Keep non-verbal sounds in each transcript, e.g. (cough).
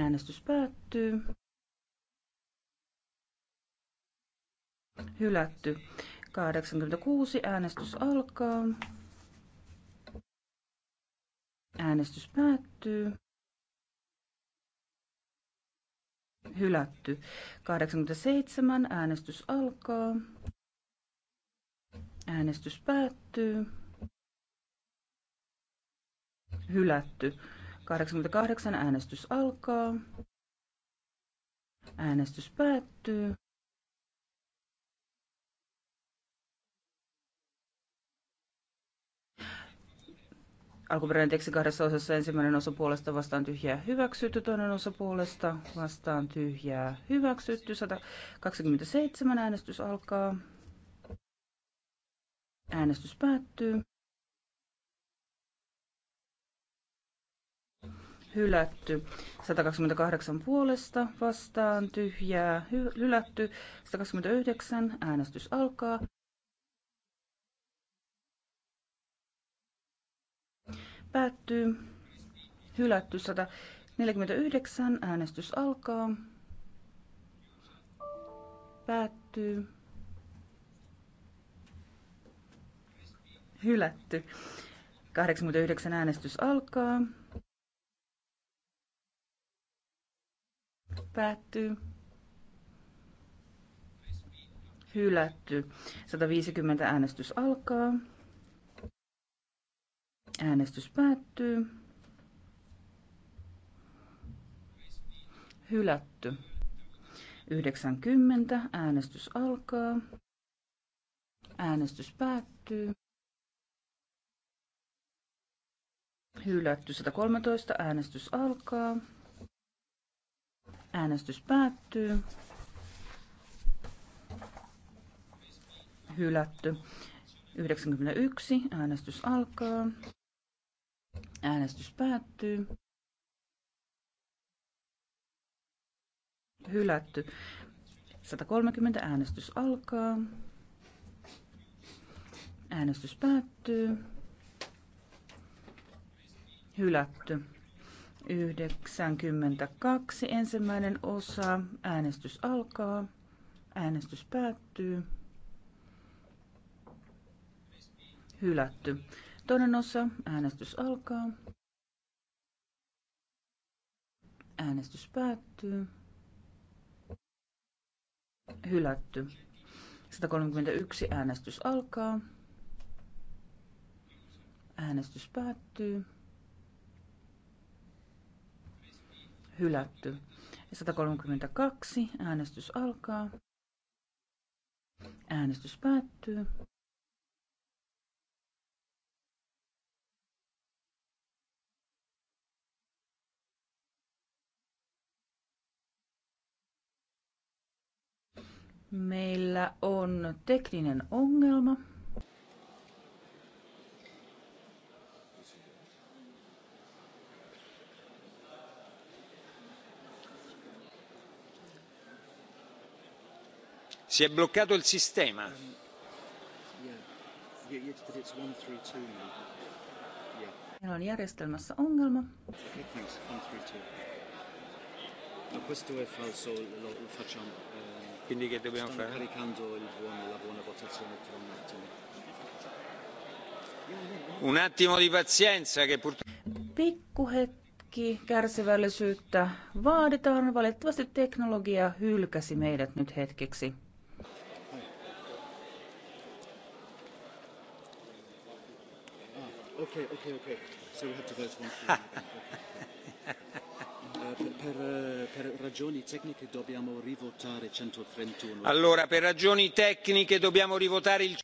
Äänestys päättyy. Hylätty. 86. Äänestys alkaa. Äänestys päättyy. Hylätty. 87. Äänestys alkaa. Äänestys päättyy. Hylätty. 88 äänestys alkaa. Äänestys päättyy. Alkuperäinen teksti kahdessa osassa ensimmäinen osa puolesta vastaan tyhjää hyväksytty, toinen osa puolesta vastaan tyhjää hyväksytty. 127 äänestys alkaa. Äänestys päättyy. hylätty. 128 puolesta vastaan tyhjää hylätty. 129 äänestys alkaa. Päättyy. Hylätty 149 äänestys alkaa. Päättyy. Hylätty. 89 äänestys alkaa. Päättyy. Hylätty. 150 äänestys alkaa. Äänestys päättyy. Hylätty. 90. Äänestys alkaa. Äänestys päättyy. Hylätty 113. Äänestys alkaa. Äänestys päättyy. Hylätty. 91. Äänestys alkaa. Äänestys päättyy. Hylätty. 130. Äänestys alkaa. Äänestys päättyy. Hylätty. 92. Ensimmäinen osa. Äänestys alkaa. Äänestys päättyy. Hylätty. Toinen osa. Äänestys alkaa. Äänestys päättyy. Hylätty. 131. Äänestys alkaa. Äänestys päättyy. hylätty. 132. Äänestys alkaa. Äänestys päättyy. Meillä on tekninen ongelma. si è bloccato il sistema. meillä on järjestelmässä ongelma. Ma questo è falso, lo, facciamo. Eh, Quindi che dobbiamo stanno fare? caricando il buon, la buona votazione tra un attimo. Un attimo di pazienza che purtroppo... Pikkuhetki kärsivällisyyttä vaaditaan. Valitettavasti teknologia hylkäsi meidät nyt hetkeksi. okay, okay, okay. So we have to vote once (laughs) uh, uh, Allora, per ragioni tecniche dobbiamo rivotare il...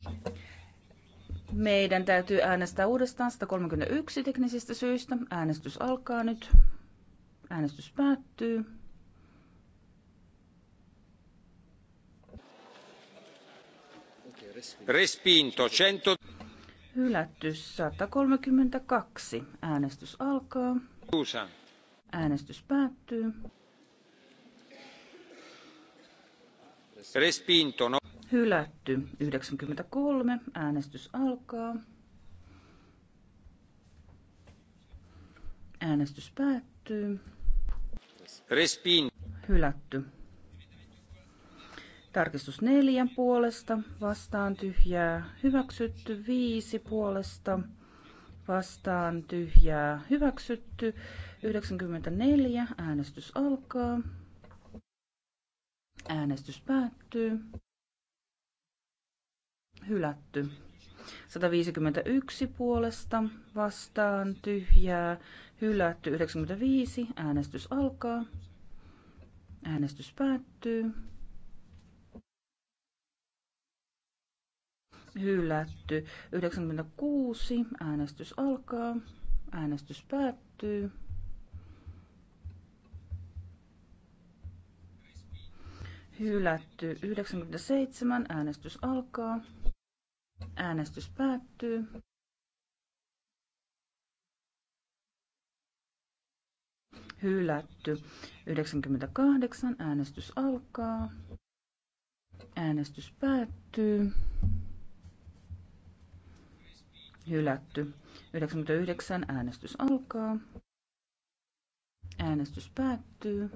Meidän täytyy äänestää uudestaan 131 teknisistä syistä. Äänestys alkaa nyt. Äänestys päättyy. Respinto 100. Hylätty 132. No. Äänestys alkaa. Äänestys päättyy. Respinto. No. Hylätty 93. Äänestys alkaa. Äänestys päättyy. Respin. Hylätty Tarkistus neljän puolesta, vastaan tyhjää, hyväksytty viisi puolesta, vastaan tyhjää, hyväksytty 94, äänestys alkaa. Äänestys päättyy. Hylätty. 151 puolesta vastaan tyhjää, hylätty 95, äänestys alkaa. Äänestys päättyy. hylätty. 96, äänestys alkaa, äänestys päättyy. Hylätty 97, äänestys alkaa, äänestys päättyy. Hylätty 98, äänestys alkaa, äänestys päättyy hylätty. 99 äänestys alkaa. Äänestys päättyy.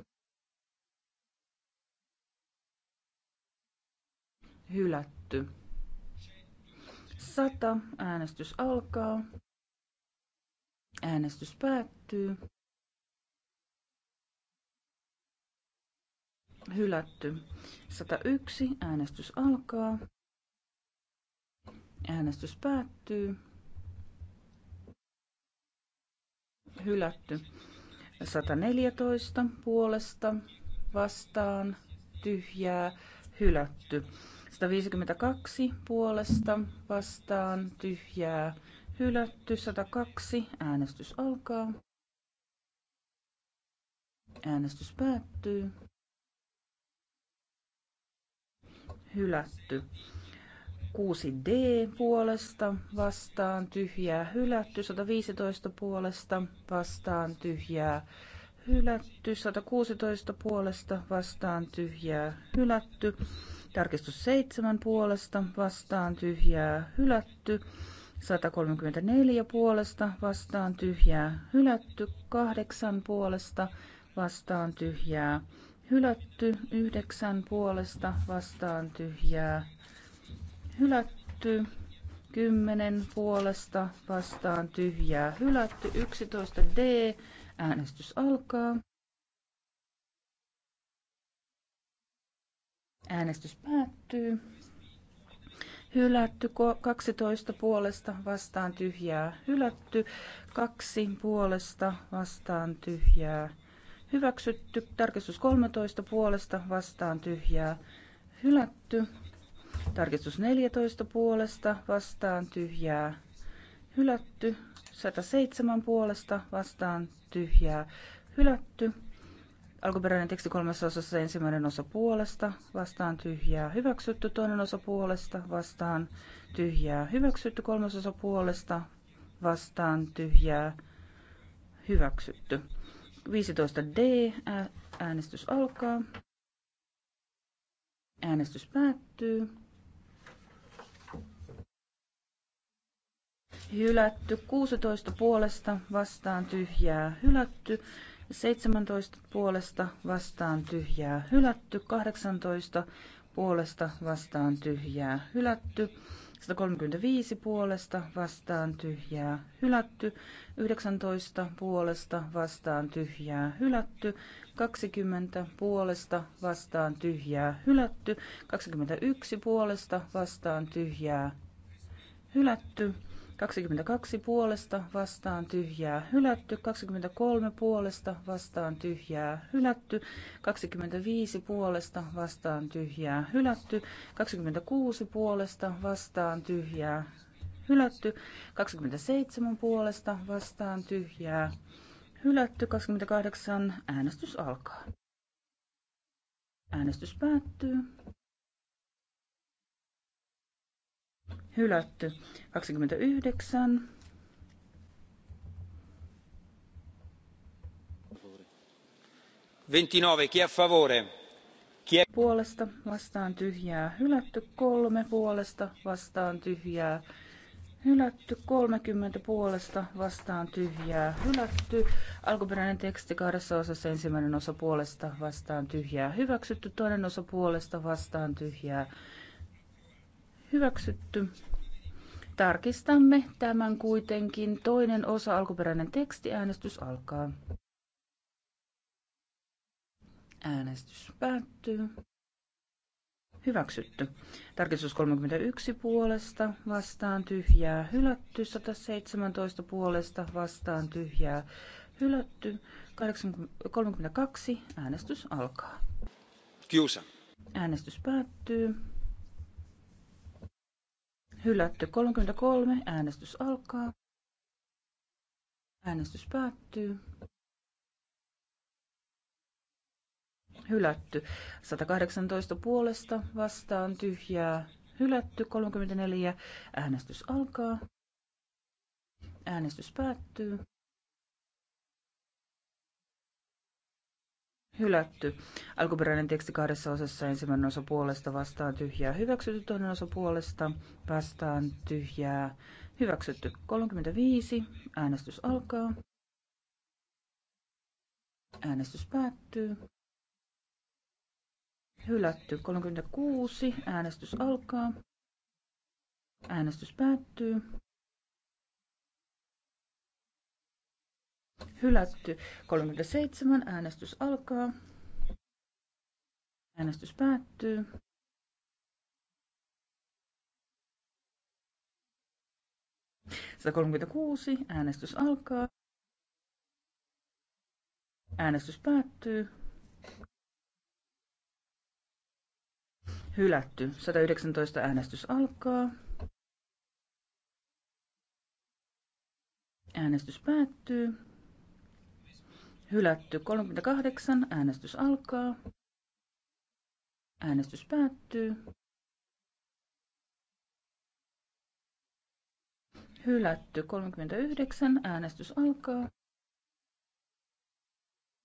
Hylätty. 100 äänestys alkaa. Äänestys päättyy. Hylätty. 101 äänestys alkaa. Äänestys päättyy. hylätty. 114 puolesta vastaan tyhjää hylätty. 152 puolesta vastaan tyhjää hylätty. 102 äänestys alkaa. Äänestys päättyy. Hylätty. 6D puolesta vastaan tyhjää hylätty, 115 puolesta vastaan tyhjää hylätty, 116 puolesta vastaan tyhjää hylätty, tarkistus 7 puolesta vastaan tyhjää hylätty, 134 puolesta vastaan tyhjää hylätty, 8 puolesta vastaan tyhjää hylätty, 9 puolesta vastaan tyhjää Hylätty 10 puolesta vastaan tyhjää. Hylätty 11 D. Äänestys alkaa. Äänestys päättyy. Hylätty 12 puolesta vastaan tyhjää. Hylätty 2 puolesta vastaan tyhjää. Hyväksytty tarkistus 13 puolesta vastaan tyhjää. Hylätty Tarkistus 14 puolesta vastaan tyhjää hylätty. 107 puolesta vastaan tyhjää hylätty. Alkuperäinen teksti kolmessa osassa ensimmäinen osa puolesta, vastaan tyhjää hyväksytty, toinen osa puolesta, vastaan tyhjää hyväksytty, kolmas osa puolesta, vastaan tyhjää hyväksytty. 15d, äänestys alkaa. Äänestys päättyy. hylätty, 16 puolesta vastaan tyhjää hylätty, 17 puolesta vastaan tyhjää hylätty, 18 puolesta vastaan tyhjää hylätty, 135 puolesta vastaan tyhjää hylätty, 19 puolesta vastaan tyhjää hylätty, 20 puolesta vastaan tyhjää hylätty, 21 puolesta vastaan tyhjää hylätty, 22 puolesta vastaan tyhjää hylätty, 23 puolesta vastaan tyhjää hylätty, 25 puolesta vastaan tyhjää hylätty, 26 puolesta vastaan tyhjää hylätty, 27 puolesta vastaan tyhjää hylätty, 28 äänestys alkaa. Äänestys päättyy. hylätty. 29. chi a favore? Chi è... Puolesta vastaan tyhjää hylätty kolme, puolesta vastaan tyhjää hylätty 30, puolesta vastaan tyhjää hylätty. Alkuperäinen teksti kahdessa osassa ensimmäinen osa puolesta vastaan tyhjää hyväksytty, toinen osa puolesta vastaan tyhjää Hyväksytty. Tarkistamme tämän kuitenkin. Toinen osa alkuperäinen tekstiäänestys alkaa. Äänestys päättyy. Hyväksytty. Tarkistus 31 puolesta vastaan tyhjää hylätty. 117 puolesta vastaan tyhjää hylätty. 32 äänestys alkaa. Kiusa. Äänestys päättyy. Hylätty 33. Äänestys alkaa. Äänestys päättyy. Hylätty 118 puolesta vastaan tyhjää. Hylätty 34. Äänestys alkaa. Äänestys päättyy. hylätty. Alkuperäinen teksti kahdessa osassa ensimmäinen osa puolesta vastaan tyhjää hyväksytty, toinen osa puolesta vastaan tyhjää hyväksytty. 35. Äänestys alkaa. Äänestys päättyy. Hylätty. 36. Äänestys alkaa. Äänestys päättyy. hylätty. 37 äänestys alkaa. Äänestys päättyy. kuusi äänestys alkaa. Äänestys päättyy. Hylätty. 119 äänestys alkaa. Äänestys päättyy. Hylätty 38. Äänestys alkaa. Äänestys päättyy. Hylätty 39. Äänestys alkaa.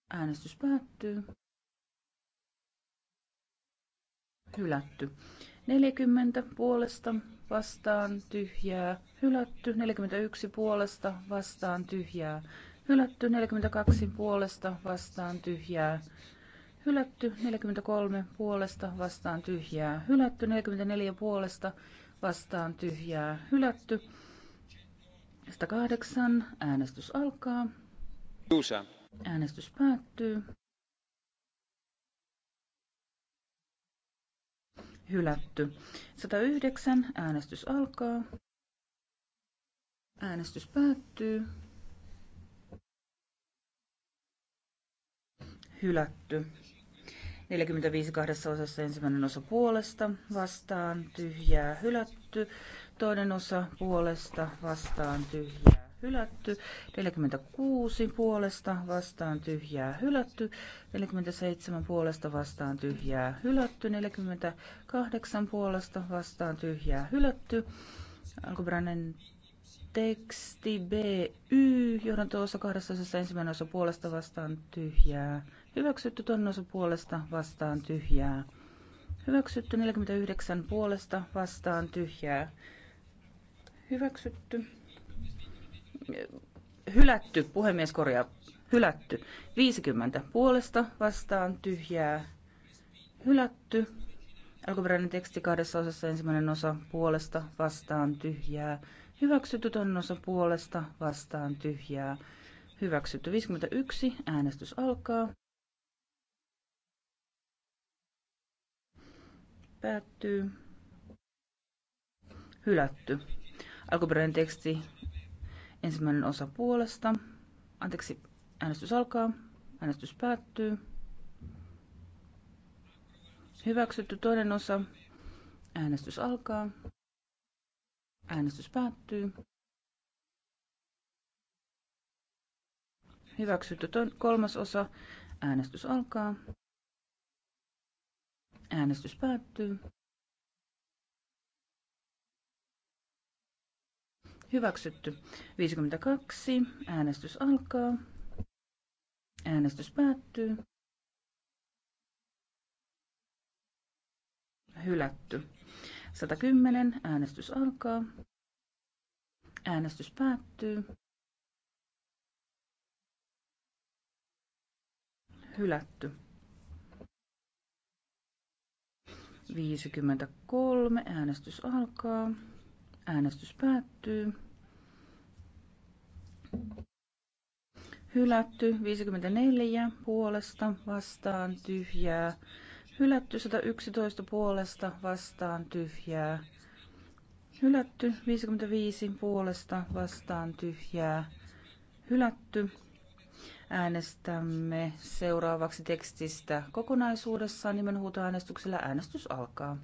Äänestys päättyy. Hylätty. 40 puolesta vastaan tyhjää. Hylätty. 41 puolesta vastaan tyhjää. Hylätty 42 puolesta vastaan tyhjää. Hylätty 43 puolesta vastaan tyhjää. Hylätty 44 puolesta vastaan tyhjää. Hylätty 108. Äänestys alkaa. Juusa. Äänestys päättyy. Hylätty. 109. Äänestys alkaa. Äänestys päättyy. hylätty. 45 kahdessa osassa ensimmäinen osa puolesta, vastaan, tyhjää, hylätty. Toinen osa puolesta, vastaan, tyhjää, hylätty. 46 puolesta, vastaan, tyhjää, hylätty. 47 puolesta, vastaan, tyhjää, hylätty. 48 puolesta, vastaan, tyhjää, hylätty. Alkuperäinen teksti BY, johdanto-osa kahdessa osassa ensimmäinen osa puolesta vastaan tyhjää, Hyväksytty toinen puolesta vastaan tyhjää. Hyväksytty 49 puolesta vastaan tyhjää. Hyväksytty. Hylätty, puhemies korjaa. Hylätty. 50 puolesta vastaan tyhjää. Hylätty. Alkuperäinen teksti kahdessa osassa ensimmäinen osa puolesta vastaan tyhjää. Hyväksytty toinen osa puolesta vastaan tyhjää. Hyväksytty 51. Äänestys alkaa. Päättyy. Hylätty. Alkuperäinen teksti. Ensimmäinen osa puolesta. Anteeksi, äänestys alkaa. Äänestys päättyy. Hyväksytty toinen osa. Äänestys alkaa. Äänestys päättyy. Hyväksytty kolmas osa. Äänestys alkaa. Äänestys päättyy. Hyväksytty. 52. Äänestys alkaa. Äänestys päättyy. Hylätty. 110. Äänestys alkaa. Äänestys päättyy. Hylätty. 53. Äänestys alkaa. Äänestys päättyy. Hylätty 54 puolesta vastaan tyhjää. Hylätty 111 puolesta vastaan tyhjää. Hylätty 55 puolesta vastaan tyhjää. Hylätty Äänestämme seuraavaksi tekstistä kokonaisuudessaan nimenhuutoäänestyksellä. Äänestys alkaa.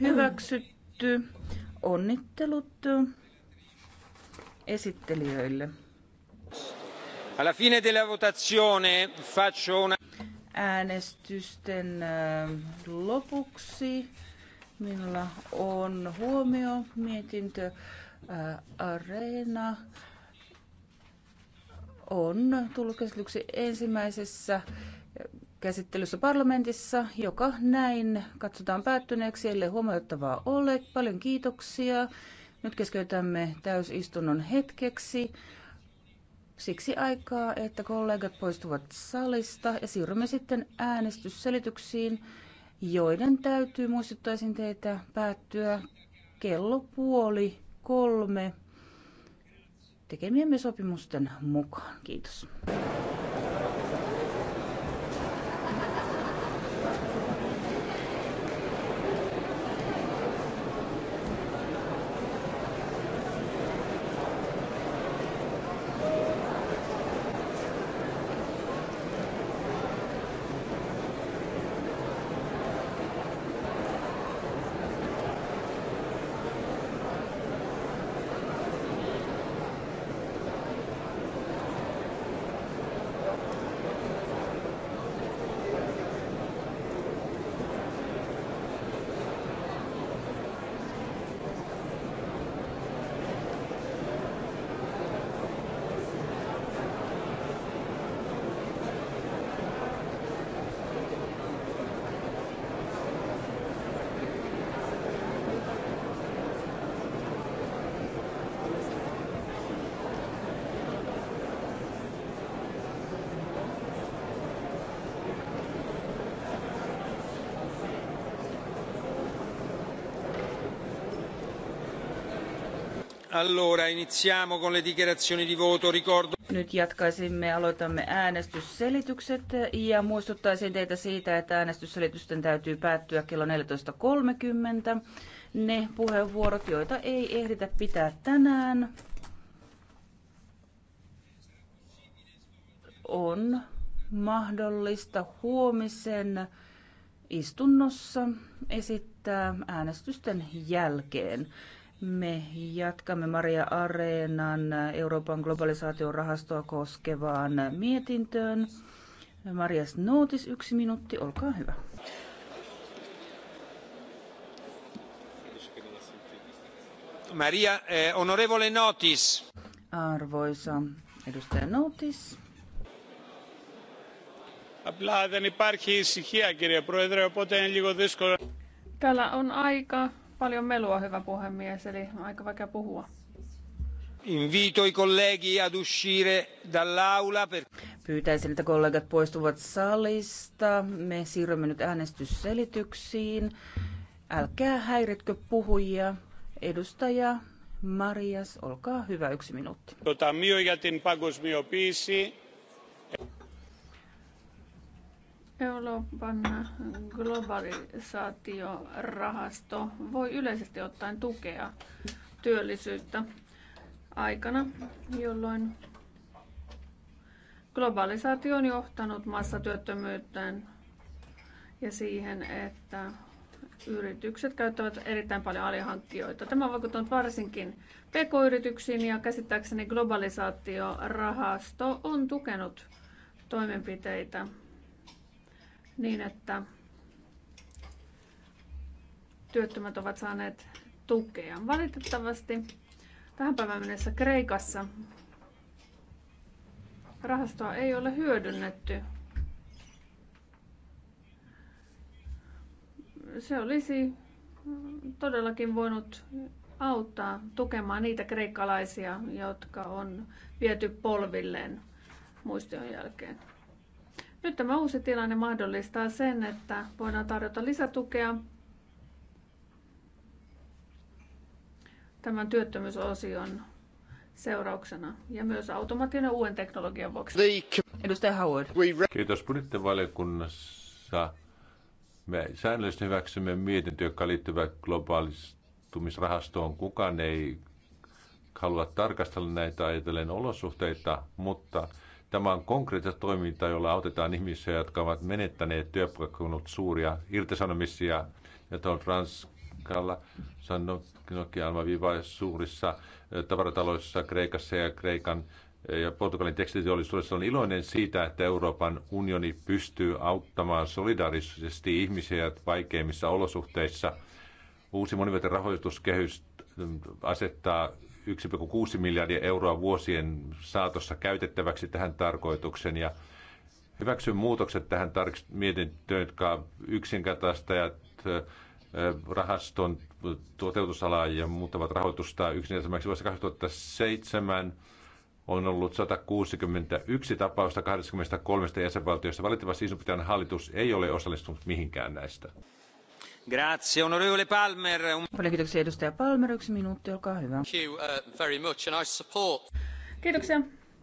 Hyväksytty. Onnittelut esittelijöille. Alla fine della votazione faccio una äänestysten ähm, lopuksi minulla on huomio mietintö äh, Areena on tullut käsitellyksi ensimmäisessä käsittelyssä parlamentissa, joka näin katsotaan päättyneeksi, ellei huomioittavaa ole. Paljon kiitoksia. Nyt keskeytämme täysistunnon hetkeksi siksi aikaa, että kollegat poistuvat salista ja siirrymme sitten äänestysselityksiin, joiden täytyy, muistuttaisin teitä, päättyä kello puoli kolme tekemiemme sopimusten mukaan. Kiitos. Allora, iniziamo con le dichiarazioni di voto. Ricordo... Nyt jatkaisimme, aloitamme äänestysselitykset ja muistuttaisin teitä siitä, että äänestysselitysten täytyy päättyä kello 14.30. Ne puheenvuorot, joita ei ehditä pitää tänään, on mahdollista huomisen istunnossa esittää äänestysten jälkeen. Me jatkamme Maria Areenan Euroopan globalisaation rahastoa koskevaan mietintöön. Maria Snootis, yksi minuutti, olkaa hyvä. Maria, eh, onorevole Notis. Arvoisa edustaja Notis. Απλά δεν υπάρχει ησυχία, κύριε Πρόεδρε, οπότε είναι λίγο δύσκολο. Täällä on aika paljon melua, hyvä puhemies, eli aika vaikea puhua. Invito i colleghi ad uscire dall'aula per... Pyytäisin, että kollegat poistuvat salista. Me siirrymme nyt äänestysselityksiin. Älkää häiritkö puhujia. Edustaja Marias, olkaa hyvä, yksi minuutti. Tota, mio ja mio piisi. Euroopan globalisaatiorahasto voi yleisesti ottaen tukea työllisyyttä aikana, jolloin globalisaatio on johtanut massatyöttömyyteen ja siihen, että yritykset käyttävät erittäin paljon alihankkijoita. Tämä on vaikuttanut varsinkin pk-yrityksiin ja käsittääkseni globalisaatiorahasto on tukenut toimenpiteitä niin, että työttömät ovat saaneet tukea. Valitettavasti tähän päivään mennessä Kreikassa rahastoa ei ole hyödynnetty. Se olisi todellakin voinut auttaa tukemaan niitä kreikkalaisia, jotka on viety polvilleen muistion jälkeen. Nyt tämä uusi tilanne mahdollistaa sen, että voidaan tarjota lisätukea tämän työttömyysosion seurauksena ja myös automaattinen uuden teknologian vuoksi. Edustaja Howard. Kiitos budjettivaliokunnassa. Me säännöllisesti hyväksymme mietintö, joka liittyvä globaalistumisrahastoon. Kukaan ei halua tarkastella näitä ajatellen olosuhteita, mutta Tämä on konkreettista toimintaa, jolla autetaan ihmisiä, jotka ovat menettäneet työpaikkoja, suuria irtisanomisia. Ja tuolla Ranskalla, Sanokia Almaviva suurissa tavarataloissa Kreikassa ja Kreikan ja Portugalin tekstiteollisuudessa on iloinen siitä, että Euroopan unioni pystyy auttamaan solidaarisesti ihmisiä vaikeimmissa olosuhteissa. Uusi monivuotinen rahoituskehys asettaa 1,6 miljardia euroa vuosien saatossa käytettäväksi tähän tarkoituksen ja hyväksyn muutokset tähän tark- mietintöön, jotka yksinkertaistajat rahaston toteutusalaa ja muuttavat rahoitusta yksinkertaisemmaksi vuosi 2007 on ollut 161 tapausta 23 jäsenvaltiosta, Valitettavasti iso hallitus ei ole osallistunut mihinkään näistä. Grazie, onorevole Palmer. kiitoksia edustaja Palmer. Yksi minuutti, olkaa hyvä. Uh, kiitoksia.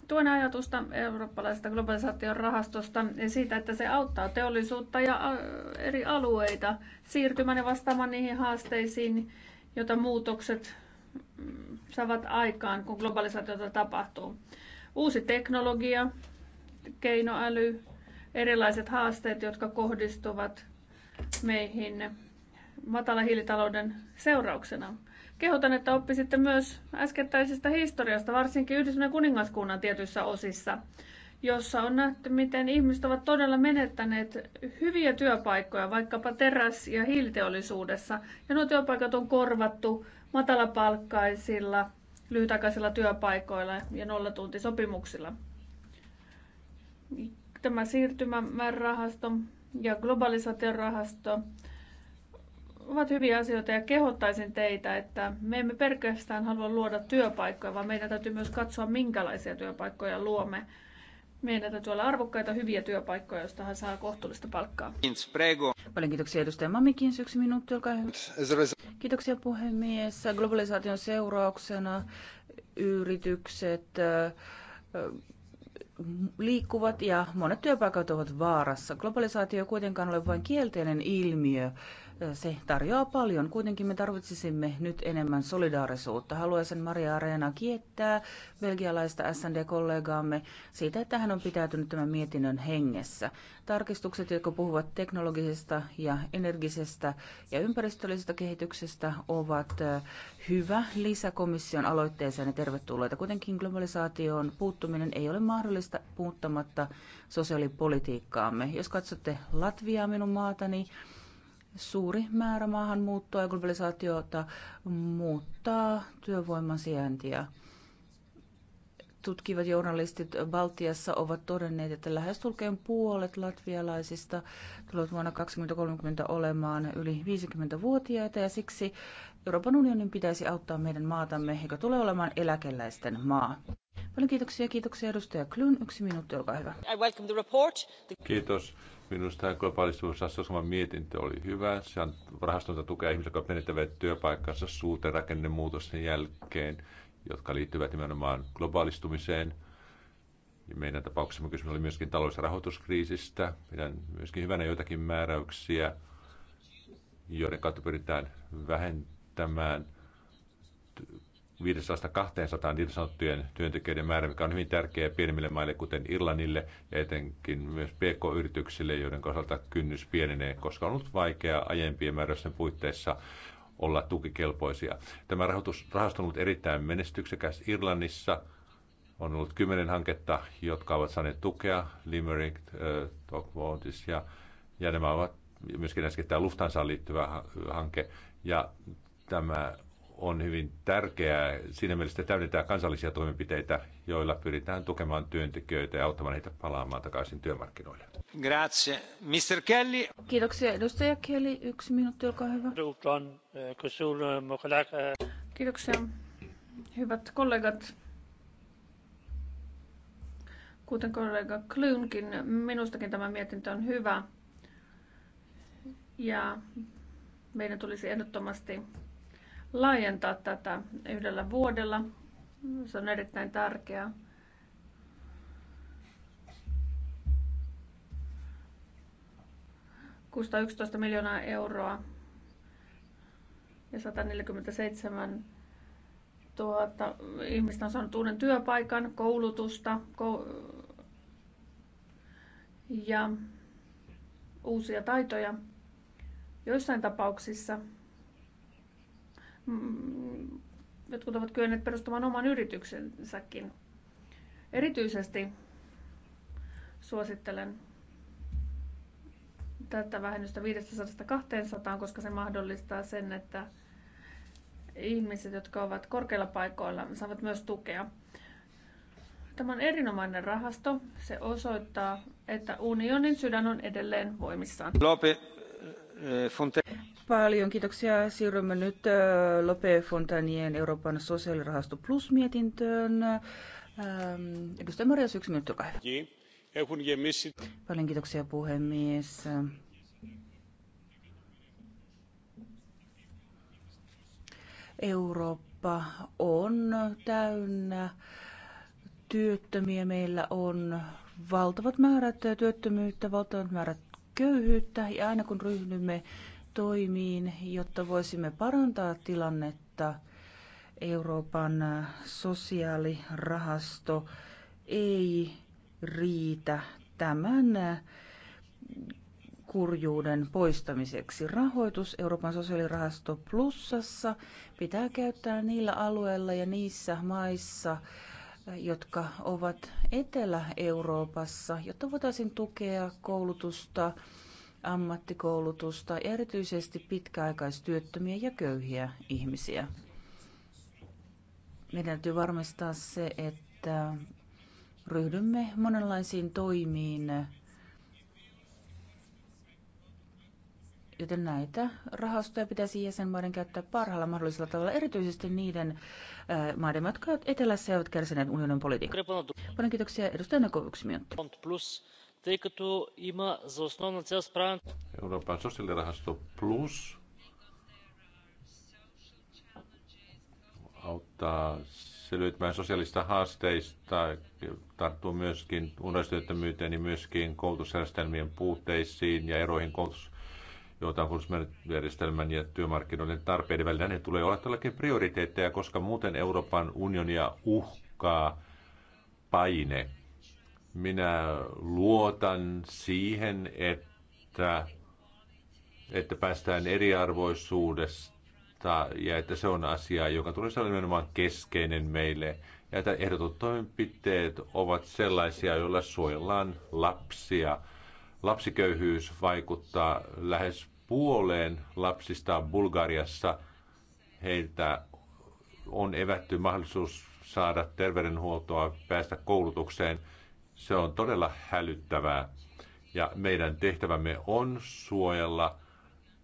Tuen ajatusta eurooppalaisesta globalisaation rahastosta ja siitä, että se auttaa teollisuutta ja uh, eri alueita siirtymään ja vastaamaan niihin haasteisiin, joita muutokset mm, saavat aikaan, kun globalisaatiota tapahtuu. Uusi teknologia, keinoäly, erilaiset haasteet, jotka kohdistuvat meihin matala hiilitalouden seurauksena. Kehotan, että oppisitte myös äskettäisestä historiasta, varsinkin Yhdistyneen kuningaskunnan tietyissä osissa, jossa on nähty, miten ihmiset ovat todella menettäneet hyviä työpaikkoja, vaikkapa teräs- ja hiiliteollisuudessa. Ja nuo työpaikat on korvattu matalapalkkaisilla, lyhytaikaisilla työpaikoilla ja nollatuntisopimuksilla. Tämä siirtymämäärärahasto ja globalisaatiorahasto rahasto ovat hyviä asioita ja kehottaisin teitä, että me emme pelkästään halua luoda työpaikkoja, vaan meidän täytyy myös katsoa, minkälaisia työpaikkoja luomme. Meidän täytyy olla arvokkaita, hyviä työpaikkoja, joista hän saa kohtuullista palkkaa. Paljon kiitoksia edustaja Mamikin yksi minuutti, olkaa hyvä. Kiitoksia puhemies. Globalisaation seurauksena yritykset liikkuvat ja monet työpaikat ovat vaarassa. Globalisaatio ei kuitenkaan ole vain kielteinen ilmiö se tarjoaa paljon. Kuitenkin me tarvitsisimme nyt enemmän solidaarisuutta. Haluaisin Maria Areena kiittää belgialaista SND-kollegaamme siitä, että hän on pitäytynyt tämän mietinnön hengessä. Tarkistukset, jotka puhuvat teknologisesta ja energisestä ja ympäristöllisestä kehityksestä, ovat hyvä lisä komission aloitteeseen ja tervetulleita. Kuitenkin globalisaatioon puuttuminen ei ole mahdollista puuttamatta sosiaalipolitiikkaamme. Jos katsotte Latviaa, minun maatani, suuri määrä maahanmuuttoa ja globalisaatiota muuttaa työvoiman sijaintia. Tutkivat journalistit Baltiassa ovat todenneet, että lähestulkeen puolet latvialaisista tulevat vuonna 2030 olemaan yli 50-vuotiaita ja siksi Euroopan unionin pitäisi auttaa meidän maatamme, joka tulee olemaan eläkeläisten maa. Paljon kiitoksia. Kiitoksia edustaja Klun. Yksi minuutti, olkaa hyvä. I welcome the report. Kiitos. Minusta tämä globaalisuusassosaman mietintö oli hyvä. Se on rahastonta tukea ihmisiä, jotka menettävät työpaikkansa suurten rakennemuutosten jälkeen, jotka liittyvät nimenomaan globaalistumiseen. Ja meidän tapauksessamme kysymys oli myöskin talous- ja rahoituskriisistä. Pidän myöskin hyvänä joitakin määräyksiä, joiden kautta pyritään vähentämään – 500-200 niin sanottujen työntekijöiden määrä, mikä on hyvin tärkeää pienemmille maille, kuten Irlannille ja etenkin myös PK-yrityksille, joiden osalta kynnys pienenee, koska on ollut vaikeaa aiempien määräysten puitteissa olla tukikelpoisia. Tämä rahoitus, rahasto on ollut erittäin menestyksekäs Irlannissa. On ollut kymmenen hanketta, jotka ovat saaneet tukea, Limerick, äh, ja, ja nämä ovat myöskin äsken tämä Lufthansaan liittyvä hanke. Ja tämä on hyvin tärkeää. Siinä mielessä täydentää kansallisia toimenpiteitä, joilla pyritään tukemaan työntekijöitä ja auttamaan heitä palaamaan takaisin työmarkkinoille. Grazie. Mr. Kelly. Kiitoksia. Edustaja Kelly, yksi minuutti, olkaa hyvä. Eh, eh, eh. Kiitoksia. Hyvät kollegat, kuten kollega Klynkin, minustakin tämä mietintö on hyvä. Ja meidän tulisi ehdottomasti laajentaa tätä yhdellä vuodella. Se on erittäin tärkeää. Kustaa 11 miljoonaa euroa ja 147 tuota, ihmistä on saanut uuden työpaikan, koulutusta kou- ja uusia taitoja joissain tapauksissa – Mm, jotkut ovat kyenneet perustamaan oman yrityksensäkin. Erityisesti suosittelen tätä vähennystä 500-200, koska se mahdollistaa sen, että ihmiset, jotka ovat korkeilla paikoilla, saavat myös tukea. Tämä on erinomainen rahasto. Se osoittaa, että unionin sydän on edelleen voimissaan. Lope, eh, Paljon kiitoksia. Siirrymme nyt äh, Lope Fontanien Euroopan sosiaalirahasto Plus-mietintöön. Ähm, edustaja Marjas, yksi minuutti, olkaa hyvä. Paljon kiitoksia puhemies. Eurooppa on täynnä työttömiä. Meillä on valtavat määrät työttömyyttä, valtavat määrät köyhyyttä ja aina kun ryhdymme toimiin, jotta voisimme parantaa tilannetta Euroopan sosiaalirahasto ei riitä tämän kurjuuden poistamiseksi. Rahoitus Euroopan sosiaalirahasto plussassa pitää käyttää niillä alueilla ja niissä maissa, jotka ovat Etelä-Euroopassa, jotta voitaisiin tukea koulutusta, ammattikoulutusta ja erityisesti pitkäaikaistyöttömiä ja köyhiä ihmisiä. Meidän täytyy varmistaa se, että ryhdymme monenlaisiin toimiin, joten näitä rahastoja pitäisi jäsenmaiden käyttää parhaalla mahdollisella tavalla, erityisesti niiden ää, äh, maiden, jotka etelässä eivät kärsineet unionin politiikkaa. Paljon kiitoksia. edustajana Kovuksi тъй като има за основна цел справянето. Euroopan sosiaalirahasto Plus auttaa selvitämään sosiaalista haasteista, tarttuu myöskin unastyöttömyyteen ja myöskin koulutusjärjestelmien puutteisiin ja eroihin koulutus joita on koulutusjärjestelmän ja työmarkkinoiden tarpeiden välillä, ne tulee olla todellakin prioriteetteja, koska muuten Euroopan unionia uhkaa paine minä luotan siihen, että, että päästään eriarvoisuudesta ja että se on asia, joka tulee olla nimenomaan keskeinen meille. Ja että ehdotut toimenpiteet ovat sellaisia, joilla suojellaan lapsia. Lapsiköyhyys vaikuttaa lähes puoleen lapsista Bulgariassa. Heiltä on evätty mahdollisuus saada terveydenhuoltoa, päästä koulutukseen – se on todella hälyttävää. Ja meidän tehtävämme on suojella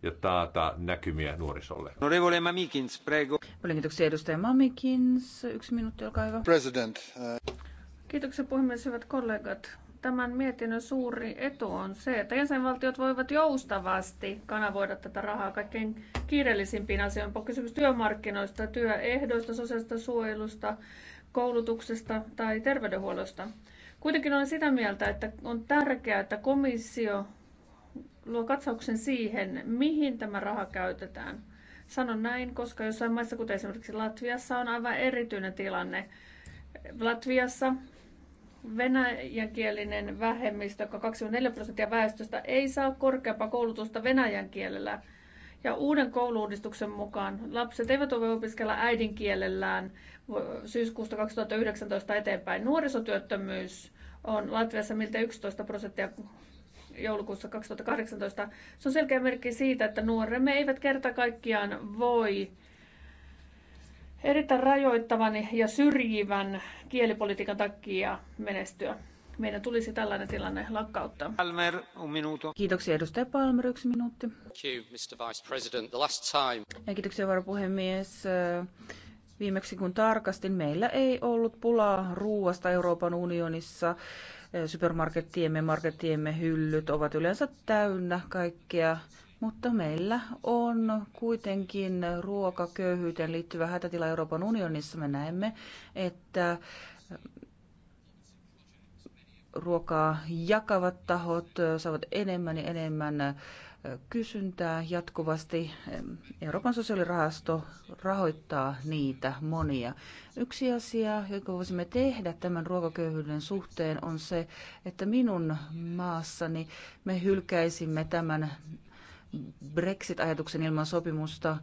ja taata näkymiä nuorisolle. Onorevole Mamikins, prego. Paljon kiitoksia edustaja Mamikins. Yksi minuutti, olkaa hyvä. President. Uh, kiitoksia puhemies, hyvät kollegat. Tämän mietinnön suuri etu on se, että jäsenvaltiot voivat joustavasti kanavoida tätä rahaa kaikkein kiireellisimpiin asioihin. On kysymys työmarkkinoista, työehdoista, sosiaalista suojelusta, koulutuksesta tai terveydenhuollosta. Kuitenkin olen sitä mieltä, että on tärkeää, että komissio luo katsauksen siihen, mihin tämä raha käytetään. Sanon näin, koska jossain maissa, kuten esimerkiksi Latviassa, on aivan erityinen tilanne. Latviassa venäjänkielinen vähemmistö, joka 24 prosenttia väestöstä, ei saa korkeampaa koulutusta venäjän kielellä. Ja uuden kouluudistuksen mukaan lapset eivät voi opiskella äidinkielellään syyskuusta 2019 eteenpäin. Nuorisotyöttömyys on Latviassa miltei 11 prosenttia joulukuussa 2018. Se on selkeä merkki siitä, että nuoremme eivät kerta kaikkiaan voi erittäin rajoittavan ja syrjivän kielipolitiikan takia menestyä. Meidän tulisi tällainen tilanne lakkauttaa. Palmer, un minuto. Kiitoksia edustaja Palmer, yksi minuutti. Thank you, Mr. Vice President. The last time. Ja kiitoksia varapuhemies. Viimeksi kun tarkastin, meillä ei ollut pulaa ruuasta Euroopan unionissa. Supermarkettiemme, markettiemme hyllyt ovat yleensä täynnä kaikkea, mutta meillä on kuitenkin ruokaköyhyyteen liittyvä hätätila Euroopan unionissa. Me näemme, että ruokaa jakavat tahot saavat enemmän ja enemmän kysyntää jatkuvasti. Euroopan sosiaalirahasto rahoittaa niitä monia. Yksi asia, jonka voisimme tehdä tämän ruokaköyhyyden suhteen, on se, että minun maassani me hylkäisimme tämän Brexit-ajatuksen ilman sopimusta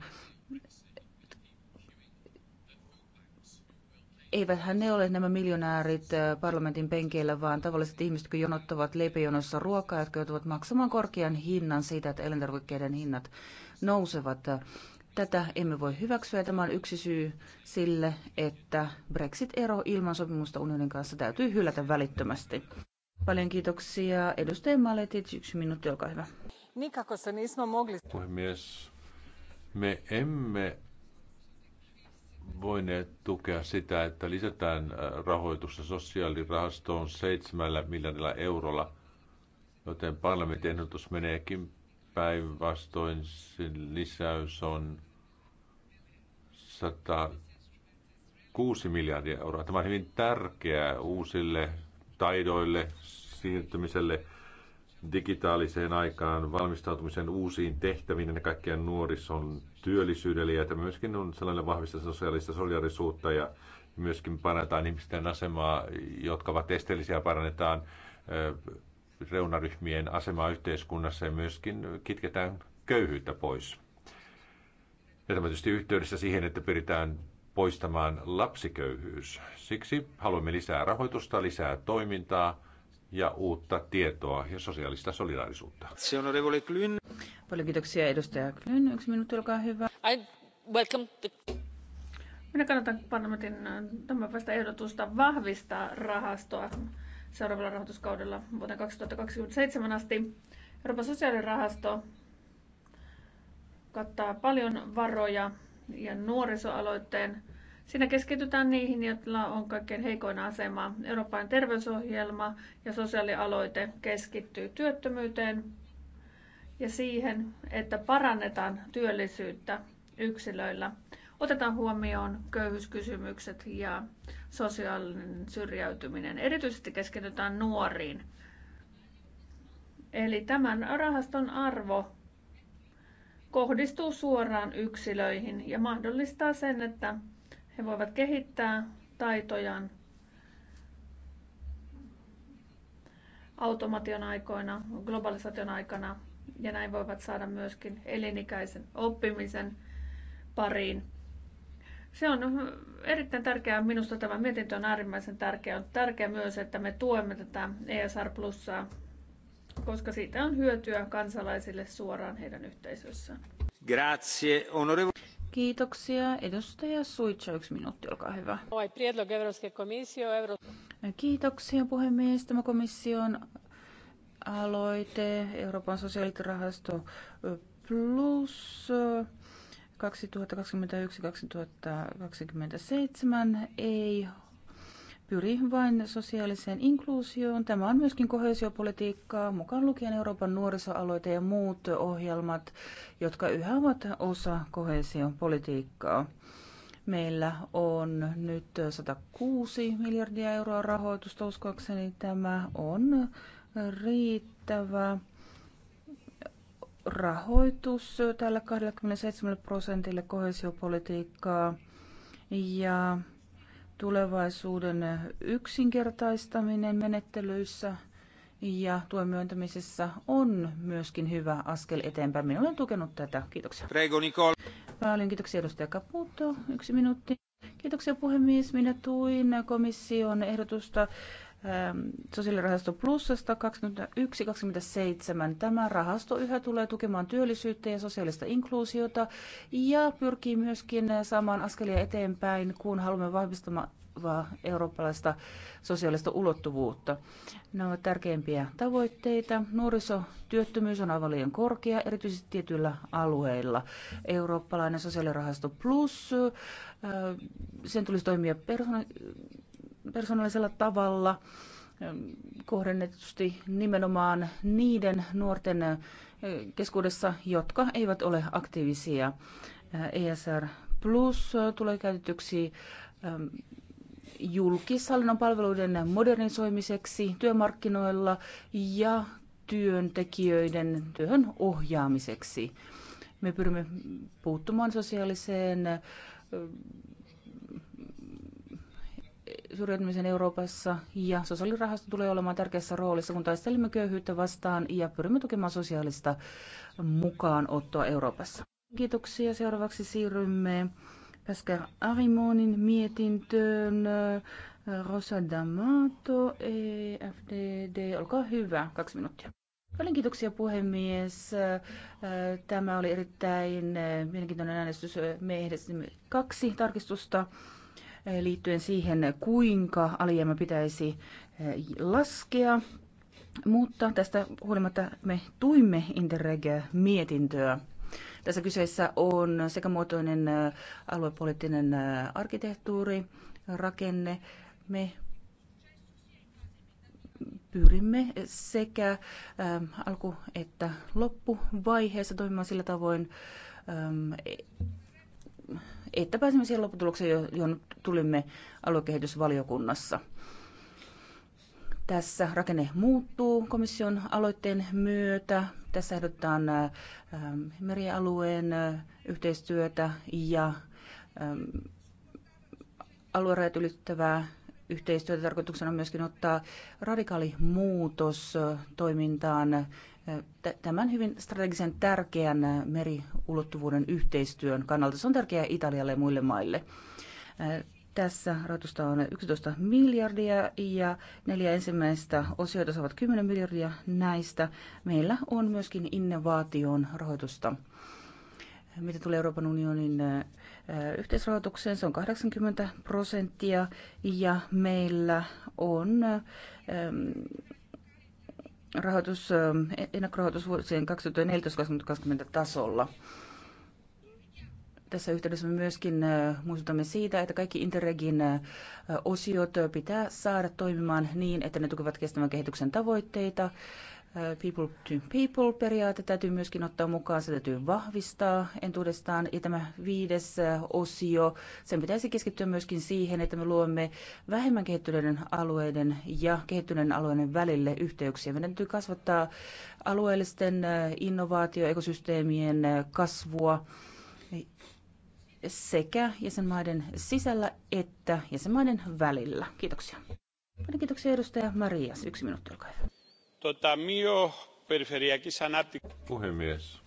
Eiväthän ne ole nämä miljonäärit parlamentin penkeillä, vaan tavalliset ihmiset, jotka jonottavat leipäjonossa ruokaa, jotka joutuvat maksamaan korkean hinnan siitä, että elintarvikkeiden hinnat nousevat. Tätä emme voi hyväksyä. Tämä on yksi syy sille, että Brexit-ero ilman sopimusta unionin kanssa täytyy hylätä välittömästi. Paljon kiitoksia. Edustaja Maletit, yksi minuutti, olkaa hyvä. Niin, niin Puhemies, me emme voineet tukea sitä, että lisätään äh, rahoitusta sosiaalirahastoon 7 miljardilla eurolla, joten parlamentin ehdotus meneekin päinvastoin. Sen lisäys on 106 miljardia euroa. Tämä on hyvin tärkeää uusille taidoille, siirtymiselle digitaaliseen aikaan, valmistautumisen uusiin tehtäviin, ja kaikkien nuorison työllisyydelle ja että myöskin on sellainen vahvista sosiaalista solidarisuutta ja myöskin parannetaan ihmisten asemaa, jotka ovat esteellisiä, parannetaan reunaryhmien asemaa yhteiskunnassa ja myöskin kitketään köyhyyttä pois. Ja tämä tietysti yhteydessä siihen, että pyritään poistamaan lapsiköyhyys. Siksi haluamme lisää rahoitusta, lisää toimintaa ja uutta tietoa ja sosiaalista solidaarisuutta. Paljon kiitoksia edustaja Klyn. Yksi minuutti, olkaa hyvä. I welcome the... Minä kannatan parlamentin äh, vasta ehdotusta vahvistaa rahastoa seuraavalla rahoituskaudella vuoteen 2027 asti. Euroopan sosiaalirahasto kattaa paljon varoja ja nuorisoaloitteen. Siinä keskitytään niihin, joilla on kaikkein heikoin asema. Euroopan terveysohjelma ja sosiaalialoite keskittyy työttömyyteen, ja siihen, että parannetaan työllisyyttä yksilöillä. Otetaan huomioon köyhyyskysymykset ja sosiaalinen syrjäytyminen. Erityisesti keskitytään nuoriin. Eli tämän rahaston arvo kohdistuu suoraan yksilöihin ja mahdollistaa sen, että he voivat kehittää taitojaan automation aikoina, globalisaation aikana ja näin voivat saada myöskin elinikäisen oppimisen pariin. Se on erittäin tärkeää. Minusta tämä mietintö on äärimmäisen tärkeä. On tärkeää myös, että me tuemme tätä ESR Plussaa, koska siitä on hyötyä kansalaisille suoraan heidän yhteisössään. Grazie, onorevole. Kiitoksia. Edustaja Suitsa, yksi minuutti, olkaa hyvä. Kiitoksia puhemies. Tämä komission aloite, Euroopan sosiaalirahasto plus 2021-2027 ei pyri vain sosiaaliseen inkluusioon. Tämä on myöskin kohesiopolitiikkaa, mukaan lukien Euroopan nuorisoaloite ja muut ohjelmat, jotka yhä ovat osa kohesiopolitiikkaa. Meillä on nyt 106 miljardia euroa rahoitusta, uskoakseni tämä on riittävä rahoitus tällä 27 prosentille kohesiopolitiikkaa ja tulevaisuuden yksinkertaistaminen menettelyissä ja tuen myöntämisessä on myöskin hyvä askel eteenpäin. Minä olen tukenut tätä. Kiitoksia. Prego, Nicole. Paljon kiitoksia edustaja Caputo. Yksi minuutti. Kiitoksia puhemies. Minä tuin komission ehdotusta Ähm, sosiaalirahasto plussasta 21-27. Tämä rahasto yhä tulee tukemaan työllisyyttä ja sosiaalista inkluusiota ja pyrkii myöskin saamaan askelia eteenpäin, kun haluamme vahvistamaan eurooppalaista sosiaalista ulottuvuutta. Nämä ovat tärkeimpiä tavoitteita. Nuorisotyöttömyys on aivan liian korkea, erityisesti tietyillä alueilla. Eurooppalainen sosiaalirahasto plus, äh, sen tulisi toimia persona- persoonallisella tavalla ähm, kohdennetusti nimenomaan niiden nuorten äh, keskuudessa, jotka eivät ole aktiivisia. Äh, ESR Plus äh, tulee käytetyksi ähm, julkishallinnon palveluiden modernisoimiseksi työmarkkinoilla ja työntekijöiden työhön ohjaamiseksi. Me pyrimme puuttumaan sosiaaliseen syrjäytymisen Euroopassa ja sosiaalirahasto tulee olemaan tärkeässä roolissa, kun taistelemme köyhyyttä vastaan ja pyrimme tukemaan sosiaalista mukaanottoa Euroopassa. Kiitoksia. Seuraavaksi siirrymme Pascal Arimonin mietintöön. Rosa D'Amato, EFDD, olkaa hyvä, kaksi minuuttia. Paljon kiitoksia puhemies. Tämä oli erittäin mielenkiintoinen äänestys. Me ehdotimme kaksi tarkistusta liittyen siihen, kuinka alijäämä pitäisi eh, laskea. Mutta tästä huolimatta me tuimme Interreg-mietintöä. Tässä kyseessä on sekä muotoinen eh, aluepoliittinen eh, arkkitehtuuri, rakenne. Me pyrimme sekä alku- että loppuvaiheessa toimimaan sillä tavoin, että pääsimme siihen lopputulokseen, johon tulimme aluekehitysvaliokunnassa. Tässä rakenne muuttuu komission aloitteen myötä. Tässä ehdotetaan merialueen yhteistyötä ja aluerajat ylittävää yhteistyötä. Tarkoituksena on myöskin ottaa radikaali muutos toimintaan tämän hyvin strategisen tärkeän äh, meriulottuvuuden yhteistyön kannalta. Se on tärkeää Italialle ja muille maille. Äh, tässä rahoitusta on 11 miljardia ja neljä ensimmäistä osioita saavat 10 miljardia näistä. Meillä on myöskin innovaation rahoitusta. Mitä tulee Euroopan unionin äh, yhteisrahoitukseen, se on 80 prosenttia ja meillä on ähm, rahoitus, ennakkorahoitus vuosien 2014-2020 tasolla. Tässä yhteydessä me myöskin muistutamme siitä, että kaikki Interregin osiot pitää saada toimimaan niin, että ne tukevat kestävän kehityksen tavoitteita people to people periaate täytyy myöskin ottaa mukaan, se täytyy vahvistaa entuudestaan. Ja tämä viides osio, sen pitäisi keskittyä myöskin siihen, että me luomme vähemmän kehittyneiden alueiden ja kehittyneiden alueiden välille yhteyksiä. Meidän täytyy kasvattaa alueellisten innovaatioekosysteemien kasvua sekä jäsenmaiden sisällä että jäsenmaiden välillä. Kiitoksia. Paljon kiitoksia edustaja Marias. Yksi minuutti, olkaa hyvä. Tota, Puhemies.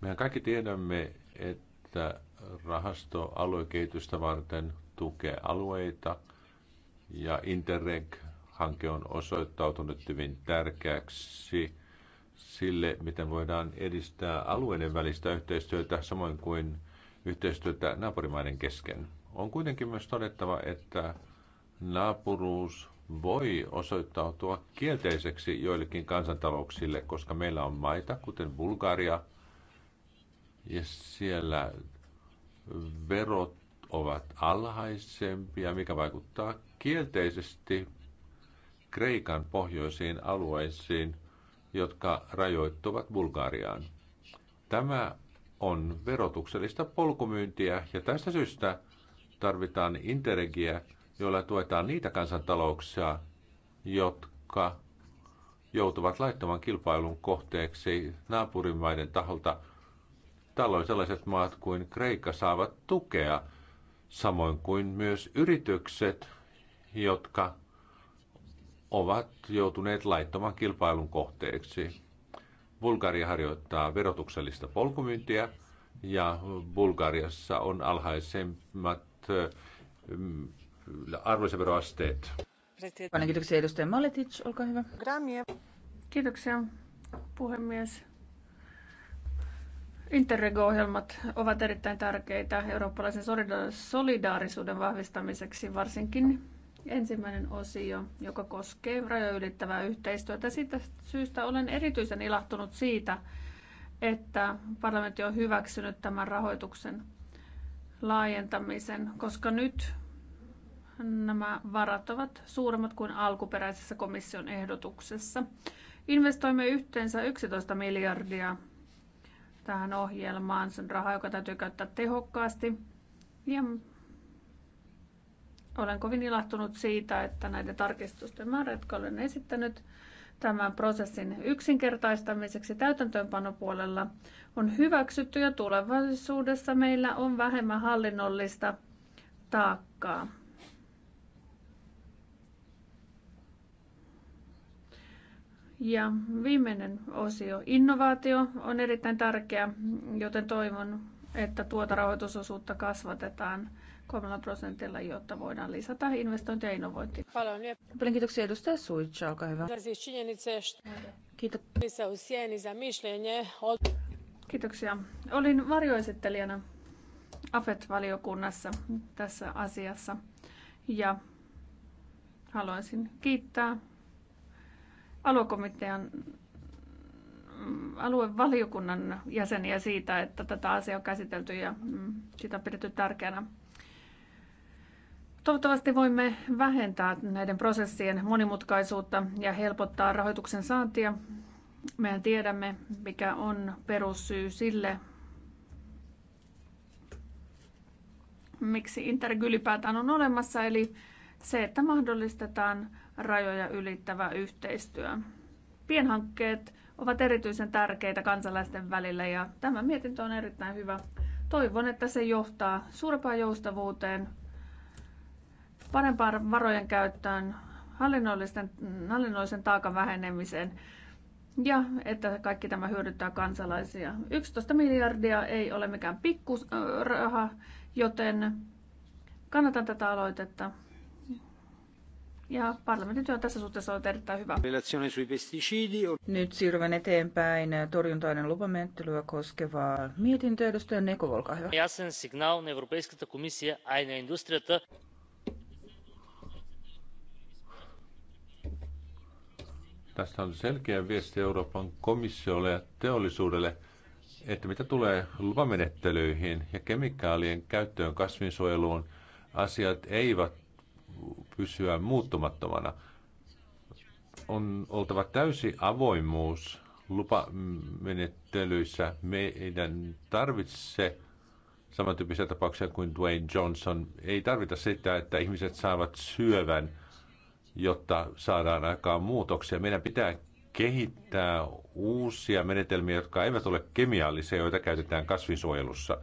Mehän kaikki tiedämme, että rahasto aluekehitystä varten tukee alueita ja Interreg-hanke on osoittautunut hyvin tärkeäksi sille, miten voidaan edistää alueiden välistä yhteistyötä samoin kuin yhteistyötä naapurimaiden kesken. On kuitenkin myös todettava, että naapuruus voi osoittautua kielteiseksi joillekin kansantalouksille, koska meillä on maita, kuten Bulgaria, ja siellä verot ovat alhaisempia, mikä vaikuttaa kielteisesti Kreikan pohjoisiin alueisiin, jotka rajoittuvat Bulgariaan. Tämä on verotuksellista polkumyyntiä ja tästä syystä tarvitaan interregiä, joilla tuetaan niitä kansantalouksia, jotka joutuvat laittoman kilpailun kohteeksi naapurimaiden taholta. Tällöin sellaiset maat kuin Kreikka saavat tukea, samoin kuin myös yritykset, jotka ovat joutuneet laittoman kilpailun kohteeksi. Bulgaria harjoittaa verotuksellista polkumyyntiä ja Bulgariassa on alhaisemmat mm, arvonlisäveroasteet. Paljon kiitoksia edustaja Maletic, olkaa hyvä. Gramia. Kiitoksia puhemies. Interreg-ohjelmat ovat erittäin tärkeitä eurooppalaisen solidaarisuuden vahvistamiseksi, varsinkin ensimmäinen osio, joka koskee rajoja ylittävää yhteistyötä. Siitä syystä olen erityisen ilahtunut siitä, että parlamentti on hyväksynyt tämän rahoituksen laajentamisen, koska nyt nämä varat ovat suuremmat kuin alkuperäisessä komission ehdotuksessa. Investoimme yhteensä 11 miljardia tähän ohjelmaan. sen rahaa, joka täytyy käyttää tehokkaasti. Ja olen kovin ilahtunut siitä, että näiden tarkistusten määrä, jotka olen esittänyt tämän prosessin yksinkertaistamiseksi täytäntöönpanopuolella, on hyväksytty ja tulevaisuudessa meillä on vähemmän hallinnollista taakkaa. Ja viimeinen osio, innovaatio, on erittäin tärkeä, joten toivon, että tuota rahoitusosuutta kasvatetaan 3 prosentilla, jotta voidaan lisätä ja innovointia. Paljon kiitoksia edustaja Suitsa, olkaa hyvä. Kiitos. Kiitoksia. Olin varjoesittelijänä AFET-valiokunnassa tässä asiassa ja haluaisin kiittää aluekomitean mm, aluevaliokunnan jäseniä siitä, että tätä asiaa on käsitelty ja mm, sitä on pidetty tärkeänä. Toivottavasti voimme vähentää näiden prosessien monimutkaisuutta ja helpottaa rahoituksen saantia. Mehän tiedämme, mikä on perussyy sille, miksi Intergy ylipäätään on olemassa, eli se, että mahdollistetaan rajoja ylittävä yhteistyö. Pienhankkeet ovat erityisen tärkeitä kansalaisten välillä ja tämä mietintö on erittäin hyvä. Toivon, että se johtaa suurempaan joustavuuteen, parempaan varojen käyttöön, hallinnollisten, hallinnollisen taakan vähenemiseen ja että kaikki tämä hyödyttää kansalaisia. 11 miljardia ei ole mikään pikkuraha, joten kannatan tätä aloitetta. Ja parlamentin työ on tässä suhteessa on erittäin hyvä. Nyt siirrymme eteenpäin torjuntainen lupamenttelyä koskevaa mietintöä. Edustaja Neko, olkaa hyvä. Jäsen signaal Euroopan Европейската aina industriata. Tästä on selkeä viesti Euroopan komissiolle ja teollisuudelle, että mitä tulee lupamenettelyihin ja kemikaalien käyttöön kasvinsuojeluun, asiat eivät pysyä muuttumattomana. On oltava täysi avoimuus lupamenettelyissä. Meidän tarvitse samantyyppisiä tapauksia kuin Dwayne Johnson. Ei tarvita sitä, että ihmiset saavat syövän, jotta saadaan aikaan muutoksia. Meidän pitää kehittää uusia menetelmiä, jotka eivät ole kemiallisia, joita käytetään kasvinsuojelussa.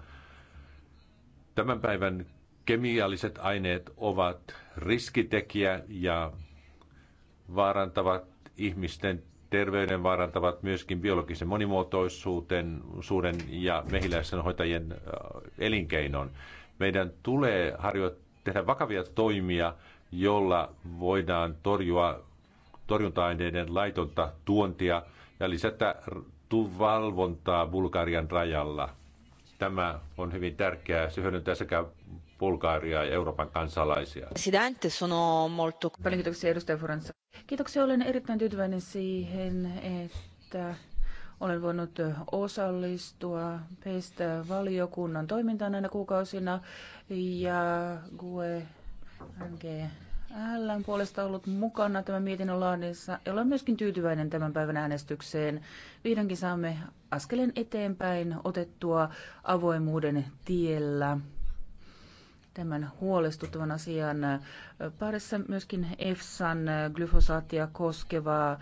Tämän päivän kemialliset aineet ovat riskitekijä ja vaarantavat ihmisten terveyden, vaarantavat myöskin biologisen monimuotoisuuden suuden ja mehiläisen hoitajien äh, elinkeinon. Meidän tulee harjoittaa tehdä vakavia toimia, jolla voidaan torjua torjunta-aineiden laitonta tuontia ja lisätä valvontaa Bulgarian rajalla. Tämä on hyvin tärkeää. Se hyödyntää sekä Bulgariaa ja Euroopan kansalaisia. Presidente, sono molto... Paljon kiitoksia edustaja Forensa. Kiitoksia, olen erittäin tyytyväinen siihen, että olen voinut osallistua peistä valiokunnan toimintaan näinä kuukausina ja GUE MGL puolesta ollut mukana tämän mietinnön laadissa ja olen myöskin tyytyväinen tämän päivän äänestykseen. Vihdoinkin saamme askeleen eteenpäin otettua avoimuuden tiellä tämän huolestuttavan asian parissa myöskin EFSAn glyfosaattia koskeva ähm,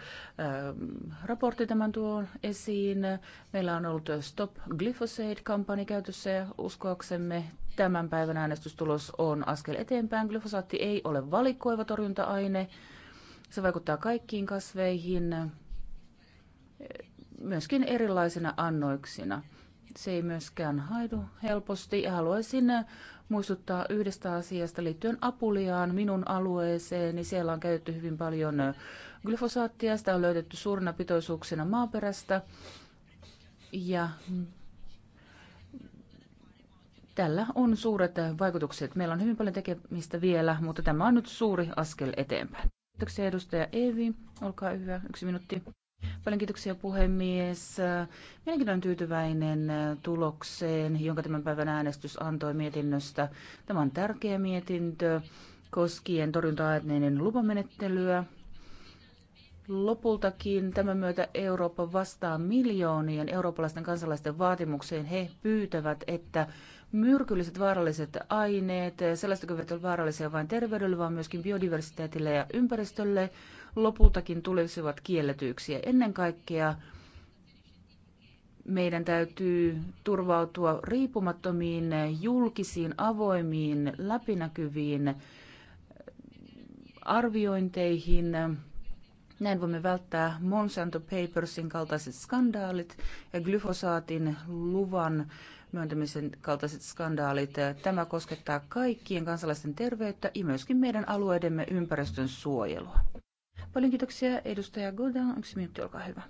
raportti tämän tuo esiin. Meillä on ollut Stop Glyphosate-kampanja käytössä ja uskoaksemme tämän päivän äänestystulos on askel eteenpäin. Glyfosaatti ei ole valikoiva torjunta-aine. Se vaikuttaa kaikkiin kasveihin, myöskin erilaisina annoiksina. Se ei myöskään haidu helposti. Haluaisin muistuttaa yhdestä asiasta liittyen Apuliaan, minun alueeseeni. Siellä on käytetty hyvin paljon glyfosaattia, sitä on löydetty suurina pitoisuuksina maaperästä. Ja tällä on suuret vaikutukset. Meillä on hyvin paljon tekemistä vielä, mutta tämä on nyt suuri askel eteenpäin. Kiitoksia edustaja Eevi. Olkaa hyvä. Yksi minuutti. Paljon kiitoksia puhemies. Minäkin olen tyytyväinen äh, tulokseen, jonka tämän päivän äänestys antoi mietinnöstä. Tämä on tärkeä mietintö koskien torjunta-aineiden lupamenettelyä. Lopultakin tämän myötä Eurooppa vastaa miljoonien eurooppalaisten kansalaisten vaatimukseen. He pyytävät, että myrkylliset vaaralliset aineet, sellaiset, jotka ovat vaarallisia vain terveydelle, vaan myöskin biodiversiteetille ja ympäristölle, lopultakin tulisivat kielletyksiä. Ennen kaikkea meidän täytyy turvautua riippumattomiin, julkisiin, avoimiin, läpinäkyviin arviointeihin. Näin voimme välttää Monsanto Papersin kaltaiset skandaalit ja glyfosaatin luvan myöntämisen kaltaiset skandaalit. Tämä koskettaa kaikkien kansalaisten terveyttä ja myöskin meidän alueidemme ympäristön suojelua. Paljon kiitoksia edustaja Goda. Yksi minuutti, olkaa hyvä.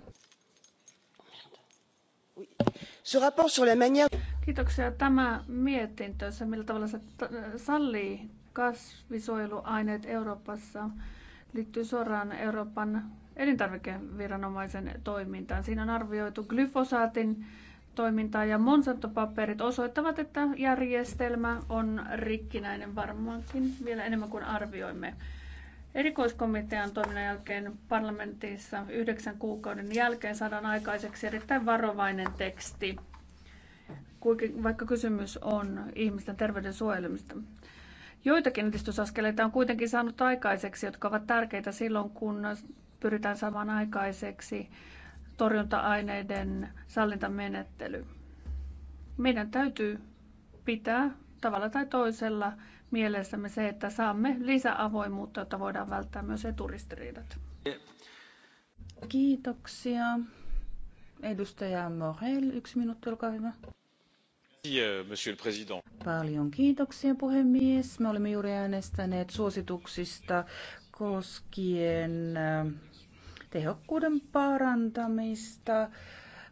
Kiitoksia. Tämä mietintö, se millä tavalla se sallii kasvisuojeluaineet Euroopassa, liittyy suoraan Euroopan elintarvikeviranomaisen toimintaan. Siinä on arvioitu glyfosaatin toimintaa ja Monsanto-paperit osoittavat, että järjestelmä on rikkinäinen varmaankin vielä enemmän kuin arvioimme. Erikoiskomitean toiminnan jälkeen parlamentissa yhdeksän kuukauden jälkeen saadaan aikaiseksi erittäin varovainen teksti, vaikka kysymys on ihmisten terveyden suojelemista. Joitakin edistysaskeleita on kuitenkin saanut aikaiseksi, jotka ovat tärkeitä silloin, kun pyritään saamaan aikaiseksi torjunta-aineiden sallintamenettely. Meidän täytyy pitää tavalla tai toisella mielessämme se, että saamme lisäavoimuutta, jotta voidaan välttää myös eturistiriidat. Kiitoksia. Edustaja Morel, yksi minuutti, olkaa hyvä. Euh, monsieur le Président. Paljon kiitoksia puhemies. Me olemme juuri äänestäneet suosituksista koskien äh, tehokkuuden parantamista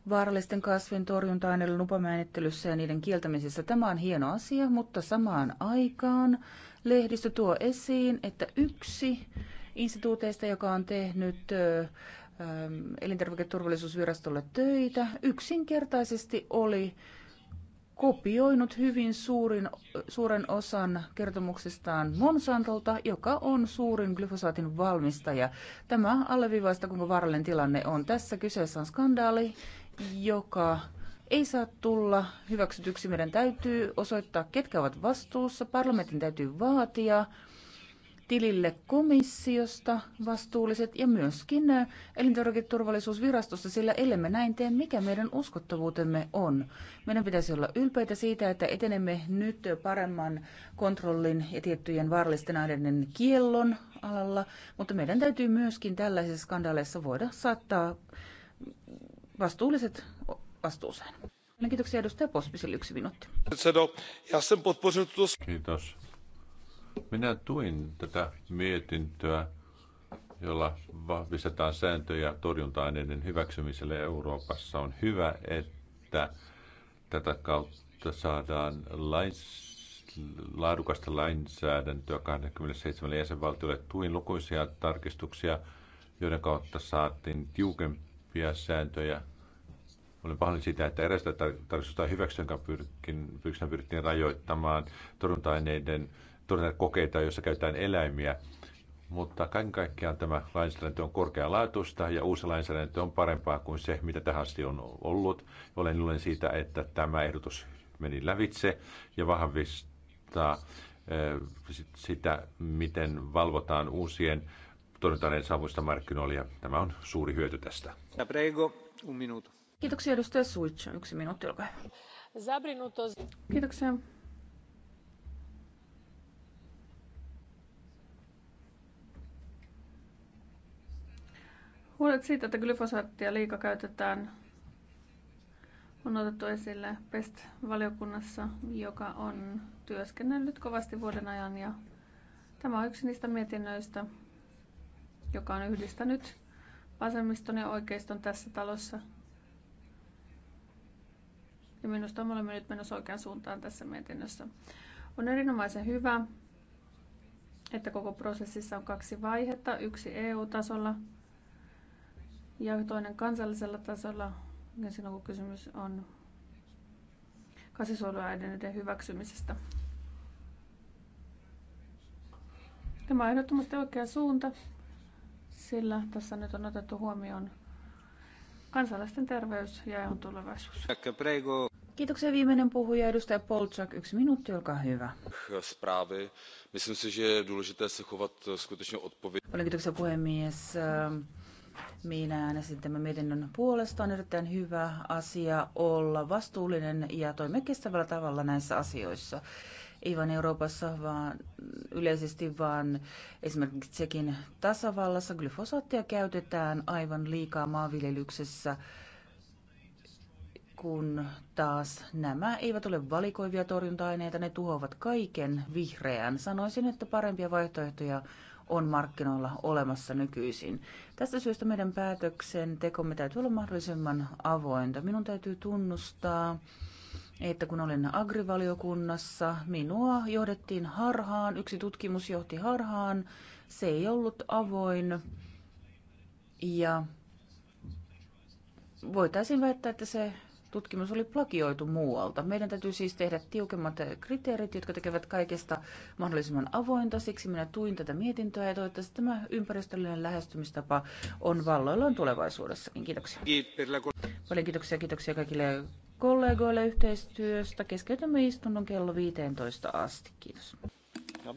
vaarallisten kasvien torjunta-aineiden lupamenettelyssä ja niiden kieltämisessä. Tämä on hieno asia, mutta samaan aikaan lehdistö tuo esiin, että yksi instituuteista, joka on tehnyt elintarviketurvallisuusvirastolle töitä, yksinkertaisesti oli kopioinut hyvin suurin, suuren osan kertomuksestaan Monsantolta, joka on suurin glyfosaatin valmistaja. Tämä alleviivaista, kuinka vaarallinen tilanne on. Tässä kyseessä on skandaali, joka ei saa tulla hyväksytyksi. Meidän täytyy osoittaa, ketkä ovat vastuussa. Parlamentin täytyy vaatia tilille komissiosta vastuulliset ja myöskin elintarviketurvallisuusvirastossa sillä ellemme näin tee, mikä meidän uskottavuutemme on. Meidän pitäisi olla ylpeitä siitä, että etenemme nyt paremman kontrollin ja tiettyjen vaarallisten aineiden kiellon alalla, mutta meidän täytyy myöskin tällaisissa skandaaleissa voida saattaa vastuulliset vastuuseen. Kiitoksia edustaja Pospisille yksi minuutti. Kiitos. Minä tuin tätä mietintöä, jolla vahvistetaan sääntöjä torjunta-aineiden hyväksymiselle Euroopassa. On hyvä, että tätä kautta saadaan laadukasta lainsäädäntöä 27 jäsenvaltiolle tuin lukuisia tarkistuksia, joiden kautta saatiin tiukempi tiukempia sääntöjä. Olen pahoin sitä, että erästä tarkistusta hyväksyä, jonka pyrkin, pyrittiin rajoittamaan torjunta-aineiden kokeita, joissa käytetään eläimiä. Mutta kaiken kaikkiaan tämä lainsäädäntö on korkealaatuista ja uusi lainsäädäntö on parempaa kuin se, mitä tähän asti on ollut. Olen iloinen siitä, että tämä ehdotus meni lävitse ja vahvistaa eh, sitä, miten valvotaan uusien torjuntaneet saavuista markkinoilla ja tämä on suuri hyöty tästä. Prego, un minuto. Kiitoksia edustaja Suitsa. Yksi minuutti, olkaa hyvä. Kiitoksia. Huolet siitä, että glyfosaattia liika käytetään, on otettu esille PEST-valiokunnassa, joka on työskennellyt kovasti vuoden ajan. Ja tämä on yksi niistä mietinnöistä, joka on yhdistänyt vasemmiston ja oikeiston tässä talossa. Ja minusta me olemme nyt menossa oikeaan suuntaan tässä mietinnössä. On erinomaisen hyvä, että koko prosessissa on kaksi vaihetta, yksi EU-tasolla ja toinen kansallisella tasolla, ja siinä kun kysymys on kasvisuojeluaineiden hyväksymisestä. Tämä on ehdottomasti oikea suunta sillä tässä nyt on otettu huomioon kansalaisten terveys ja on tulevaisuus. Kiitoksia viimeinen puhuja, edustaja Polczak. Yksi minuutti, olkaa hyvä. Správy. Myslím si, že je důležité se chovat eh, skutečně odpovědně. Paljon kiitoksia puhemies. Eh, minä äänestin tämän mietinnön puolesta. On erittäin hyvä asia olla vastuullinen ja toimia kestävällä tavalla näissä asioissa ei vain Euroopassa, vaan yleisesti, vaan esimerkiksi Tsekin tasavallassa glyfosaattia käytetään aivan liikaa maanviljelyksessä, kun taas nämä eivät ole valikoivia torjunta-aineita, ne tuhoavat kaiken vihreän. Sanoisin, että parempia vaihtoehtoja on markkinoilla olemassa nykyisin. Tästä syystä meidän tekomme täytyy olla mahdollisimman avointa. Minun täytyy tunnustaa, että kun olin agrivaliokunnassa, minua johdettiin harhaan, yksi tutkimus johti harhaan, se ei ollut avoin ja voitaisiin väittää, että se tutkimus oli plagioitu muualta. Meidän täytyy siis tehdä tiukemmat kriteerit, jotka tekevät kaikesta mahdollisimman avointa. Siksi minä tuin tätä mietintöä ja toivottavasti tämä ympäristöllinen lähestymistapa on valloillaan tulevaisuudessakin. Kiitoksia. Paljon kiitoksia, kiitoksia kaikille kollegoille yhteistyöstä. Keskeytämme istunnon kello 15 asti. Kiitos. No